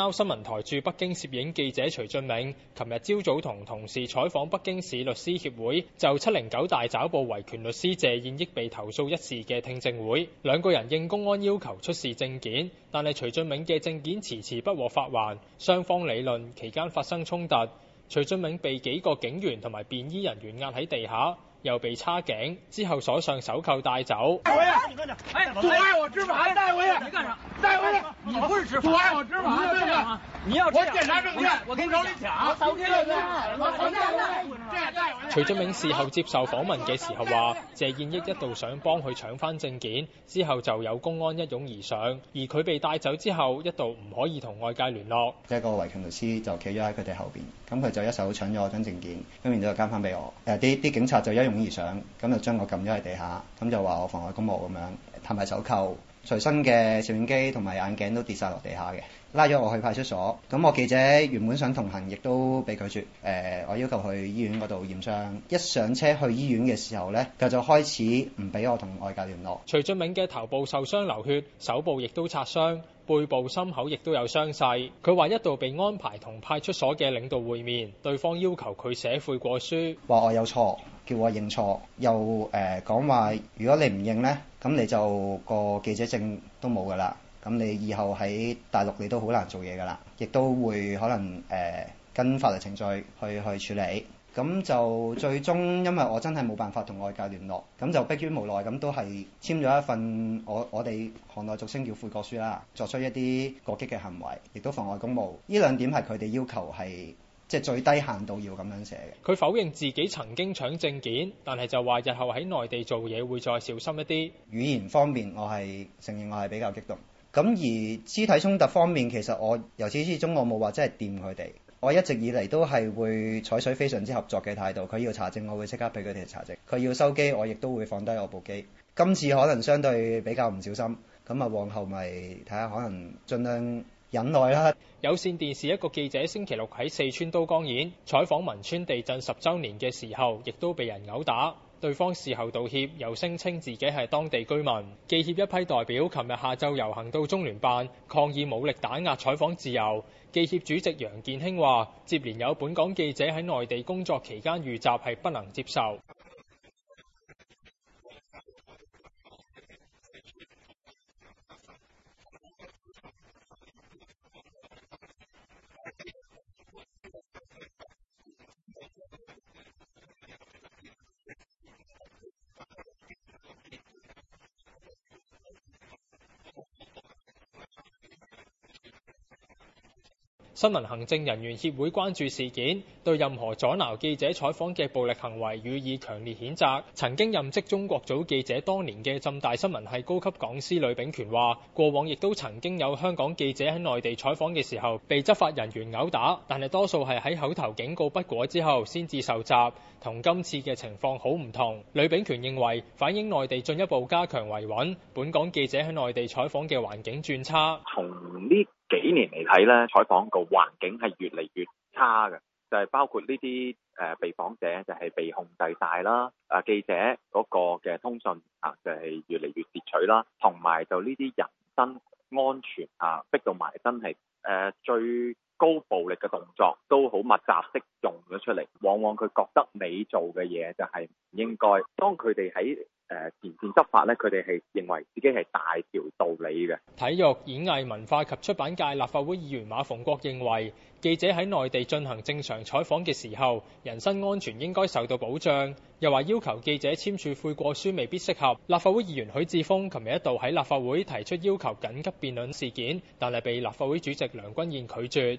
Now 新聞台駐北京攝影記者徐俊明，琴日朝早同同事採訪北京市律師協會，就七零九大抓捕維權律師謝燕益被投訴一事嘅聽證會。兩個人應公安要求出示證件，但係徐俊明嘅證件遲遲不獲發還，雙方理論期間發生衝突，徐俊明被幾個警員同埋便衣人員壓喺地下。又被叉頸，之後鎖上手銬帶走。帶回去，你幹啥？哎，妨礙我執法！帶回去，你幹啥？帶回去，妨礙我執法！你幹啥？吃你要我檢查證件，我跟你講，徐宗明事後接受訪問嘅時候話，謝燕益一度想幫佢搶翻證件，之後就有公安一擁而上，而佢被帶走之後一度唔可以同外界聯絡。即係個維權律師就企咗喺佢哋後邊，咁佢就一手搶咗我張證件，咁然之後交翻俾我。誒、啊，啲啲警察就一擁而上，咁就將我撳咗喺地下，咁就話我妨礙公務咁樣，彈埋手扣。隨身嘅攝影機同埋眼鏡都跌晒落地下嘅，拉咗我去派出所。咁我記者原本想同行，亦都被拒絕。呃，我要求去醫院嗰度驗傷，一上車去醫院嘅時候呢，佢就開始唔俾我同外界聯絡。徐俊銘嘅頭部受傷流血，手部亦都擦傷，背部心口亦都有傷勢。佢話一度被安排同派出所嘅領導會面，對方要求佢寫悔過書，話我有錯。叫我認錯又誒、呃、講話，如果你唔認呢，咁你就個記者證都冇噶啦，咁你以後喺大陸你都好難做嘢噶啦，亦都會可能誒、呃、跟法律程序去去處理，咁就最終因為我真係冇辦法同外界聯絡，咁就迫於無奈，咁都係簽咗一份我我哋行內俗稱叫悔過書啦，作出一啲過激嘅行為，亦都妨礙公務，呢兩點係佢哋要求係。即係最低限度要咁樣寫嘅。佢否認自己曾經搶證件，但係就話日後喺內地做嘢會再小心一啲。語言方面我，我係承認我係比較激動。咁而肢體衝突方面，其實我由始至終我冇話真係掂佢哋。我一直以嚟都係會採取非常之合作嘅態度。佢要查證，我會即刻俾佢哋查證。佢要收機，我亦都會放低我部機。今次可能相對比較唔小心，咁啊往後咪睇下，可能盡量。忍耐啦、啊。有線電視一個記者星期六喺四川都江堰採訪汶川地震十周年嘅時候，亦都被人毆打，對方事後道歉，又聲稱自己係當地居民。記協一批代表琴日下晝遊行到中聯辦，抗議武力打壓採訪自由。記協主席楊健興話，接連有本港記者喺內地工作期間遇襲，係不能接受。新聞行政人員協會關注事件，對任何阻撓記者採訪嘅暴力行為予以強烈譴責。曾經任職中國組記者，當年嘅浸大新聞系高級講師呂秉權話，過往亦都曾經有香港記者喺內地採訪嘅時候被執法人員毆打，但係多數係喺口頭警告不果之後先至受襲，同今次嘅情況好唔同。呂秉權認為反映內地進一步加強維穩，本港記者喺內地採訪嘅環境轉差。呢、嗯？幾年嚟睇咧，採訪個環境係越嚟越差嘅，就係、是、包括呢啲誒被訪者就係被控制曬啦，啊記者嗰個嘅通訊啊就係、是、越嚟越截取啦，同、啊、埋就呢啲人身安全啊逼到埋身係誒、呃、最高暴力嘅動作都好密集式用咗出嚟，往往佢覺得你做嘅嘢就係唔應該，當佢哋喺，.誒前線執法呢，佢哋係認為自己係大條道理嘅。體育演藝文化及出版界立法會議員馬逢國認為，記者喺內地進行正常採訪嘅時候，人身安全應該受到保障。又話要求記者簽署悔過書未必適合。立法會議員許智峰琴日一度喺立法會提出要求緊急辯論事件，但係被立法會主席梁君彥拒絕。